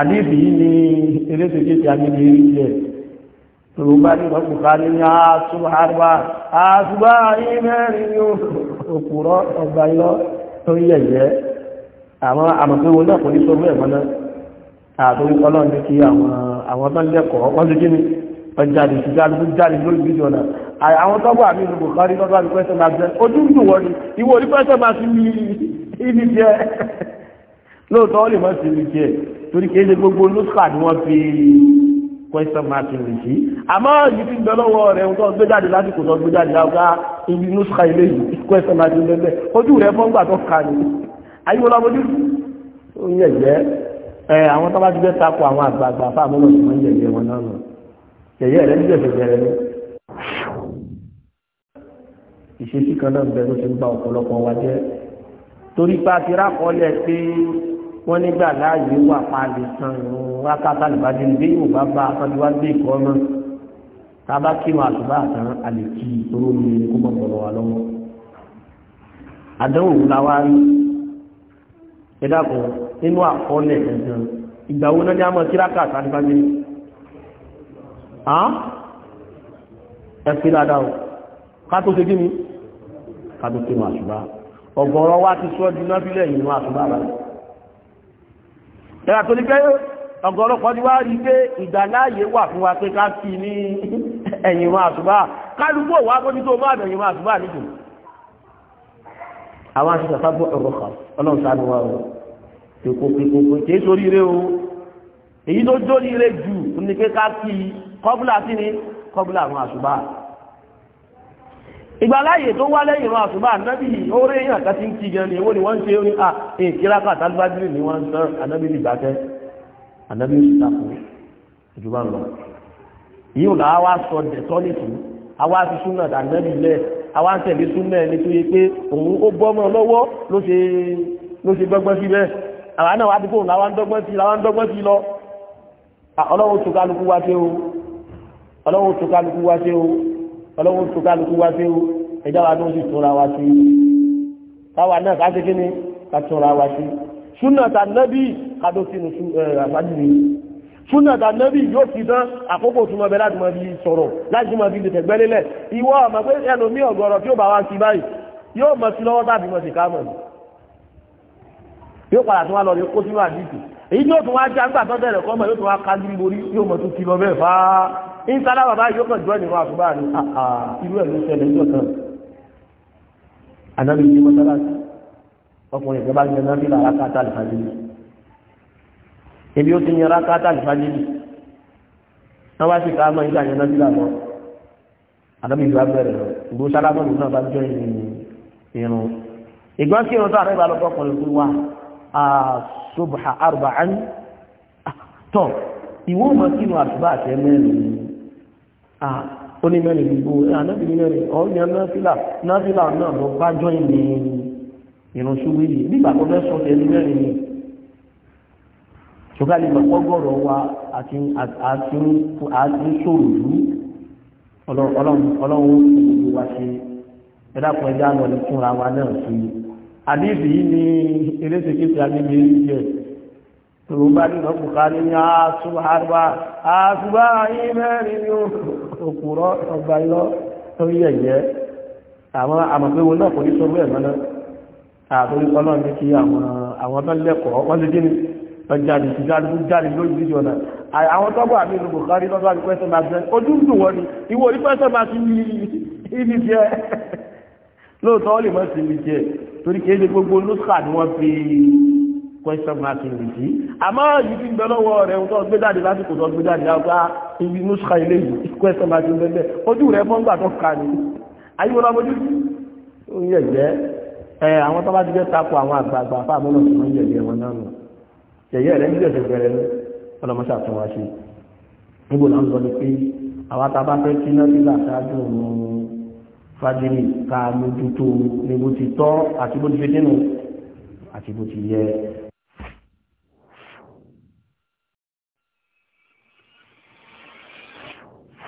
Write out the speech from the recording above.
àdìsí yìí ni eléṣèké ti àgbègbè rí jẹ tòun bá ní ìrọ́pù ká ní àṣùbà àrùbà àṣùbà yìí mẹ́rin ní òkúrọ́ ọgbà ilọ́ tó yẹ̀yẹ́ àwọn àmọ̀péwo náà kò ní sọ bẹ́ẹ̀ mọ́ná àtòrí ọlọ́run ní kí àwọn àwọn tó ń lẹ́kọ̀ọ́ wọ́n ti kí ni ọjàdì ti jáde tó jáde lórí fídíò náà àwọn tó wà nínú Bukhari lọ́dọ̀ àti torí kìí ṣe gbogbo nùsùkà ni wọ́n fi question mark rẹ̀ sí àmọ́ yìí fi gbẹ́lọ́wọ́ rẹ̀ ń tọ́ gbé jáde lásìkò tó gbé jáde láwùjá ibi nùsùkà ilé yìí question mark rẹ̀ bẹ́ẹ̀ ojú rẹ̀ fọ́ngbà tó kà ní ayé wọn lọ́mọdé ó ń yẹ̀yẹ́ ẹ àwọn tó bá ti fẹ́ takò àwọn àgbààgbà fáwọn ọmọ ìmọ̀ yẹ̀yẹ́ wọn náà nù yẹ̀yẹ́ rẹ̀ ní jẹ̀fẹ̀ jẹ̀rẹ̀ ní ìṣesí kan náà bẹ̀rù ti ń ba ọ̀pọ̀lọpọ̀ wa jẹ́ torí pa ti rákọ̀ọ́lẹ̀ pé wọ́n nígbà láàyè wà pàdé san ìrún wákàtà lùbàdì ní bí yóò bá bá aṣáájú wá gbé ìkọ́ náà tábà kí wọn àtúbà àtàn àlèkí ìṣòro mi ní kó bọ̀bọ̀rọ̀ wà lọ́wọ́. àdánwò wò láwá rí ẹ dàpọ̀ nínú àkọọ́lẹ̀ ẹ̀sán ìgbà wo náà ní àmọ́ kíráàkà àtàdé bá gbé. ẹ fi dáadáa o ká tó ṣe kí ni ká tó ṣe wọn àṣùbà ọ̀gọ̀rọ̀ wa ti sọ́ọ́ di náà fílẹ̀ yìí wọn àṣùbà báyìí ẹ̀rà tó ní pé ọ̀gọ̀rọ̀pọ̀ ti wá rí pé ìgbàláyé wà fún wa pé ká fi ní ẹ̀yìn wọn àṣùbà kálukú wà bó ní tó bá àbẹ̀yìn wọn àṣùbà nìjù àwọn aṣọ àfábọ̀ ọ̀rọ̀ kan ọlọ́run sánú wa o pèkó pèkó pé kìí sórí rẹ o èyí tó jórí rẹ jù ní pé ká fi kọ́bùlà sí ni kọ́bùlà àwọn àṣùbà ìgbàláyè tó wá lẹ́yìn ìran àṣùbà ànábì orí èèyàn kan ti ń kí gan ni èwo ni wọ́n ń ṣe ó ní à ní ìkíráka àtàlùbájúrì ni wọ́n ń sọ ànábì ní ìgbàkẹ́ ànábì sì takò ìjú bá ń lọ. yìí ò láwa sọ dẹ̀tọ́ nìtú àwa fi súnà ànábì lẹ̀ àwa ń tẹ̀lé súnà ẹni tó yẹ pé òun ó bọ́mọ lọ́wọ́ ló ṣe gbọ́gbọ́n sí bẹ́ẹ̀ àwa náà ọlọ́run tó kálukú wá sí ẹjọ́ wa tó ń sì tóra wá sí táwa náà ká sí kí ni ká tóra wá sí súnà tà nẹ́bí kádó sínú àfájìrì súnà tà nẹ́bí yóò fi tán àkókò súnmọ́ bẹ láti mọ bí sọ̀rọ̀ láti mọ bí lè tẹ̀gbẹ́lélẹ̀ ìwọ ọmọ pé ẹlòmí ọ̀gọ̀rọ̀ tí ó bá wá sí báyìí yóò mọ̀ sí lọ́wọ́ tàbí mọ̀ sí káàmọ̀ yóò padà tún wá lọ rí kó sínú àdìsí èyí yóò tún wá já nígbà tó ń sára bàbá yóò kàn jọ́ nínú àtúbà ní ah, ah. irú ẹ̀ ló ṣẹlẹ̀ ní ọ̀kan ànábi ní mọ́sálásí ọkùnrin ìjọba ní ẹ̀nà fílà rákàtà àlùfáàjìlì ibi ó ti ní rákàtà àlùfáàjìlì wọ́n wá sí ká mọ́ ìgbà ẹ̀nà fílà lọ ànábi ìjọba bẹ̀rẹ̀ lọ ìgbó sára mọ́ ìgbà bá jọ ìrìn ìgbọ́n ah, kí irun tó àrẹ́bà lọ́kọ̀ọ́kùnrin fún wa àṣùbà àrùbà án tọ̀ ìwọ́n mọ́ kínú àṣùbà àtẹ́mẹ́rin onímẹ́rin gbogbo anábìrin mẹ́rin ọ̀yàn náfìlà náfìlà náà lọ bá jọ ìní ìránṣú wíyì nígbà tó fẹ́ sọ tẹ́lú mẹ́rin ni ṣùgbọ́n àlejò ọgọ́rọ̀ wa àti àti sòròdú ọlọ́run gbogbo wa ṣe ẹ̀dàpọ̀ ẹ̀dá lọ ní fúnra wa náà sí i àdébìí ni eléṣekíṣe àgbègbè yìí tòròmbá nínú bukari ní àásùbá àrùbá àásùbá ayé mẹ́rin ní òkúrọ́ ọgbà ilọ́ tó yẹ yẹ àwọn àmọ̀péwo náà kò ní sọ́rọ̀ ẹ̀mọ́ náà àtòrí kọ́ náà ní kí àwọn tó lẹ́kọ̀ọ́ wọ́n ti dín ọjàdì ti jáde tó jáde lójú ìjọ náà àwọn tọ́gbà mi ní bukari lọ́dọ̀ àti pẹ́sẹ̀ máa bẹ́ ojú ń dùn wọ́n ni ìwọ ní pẹ́sẹ̀ máa ti ní ibi jẹ́ lóòótọ́ àmọ́ yìí ti ń bẹ lọ́wọ́ rẹ̀ ń tọ́ gbé jáde lásìkò tó gbé jáde láwùjá ibi nùsùkà ilé yìí kó ẹsẹ̀ máa ti ń bẹ́ẹ̀ ojú rẹ̀ mọ́ ń gbà tó ka ni ayíwo lọ́mọ ojú sí ó ń yẹ̀yẹ́ ẹ àwọn tó bá ti fẹ́ takò àwọn àgbààgbà fáwọn náà sì máa ń yẹ̀yẹ́ wọn náà nù yẹ̀yẹ́ rẹ̀ ń jẹ̀sẹ̀ bẹ̀rẹ̀ ní ọlọ́mọṣà tó wá sí níbo là ń lọ ni pé àwa ta bá fẹ́ kí náà sí làṣáájú fagiri ká mójútó ni bó ti tọ́ àti bó ti fi dínú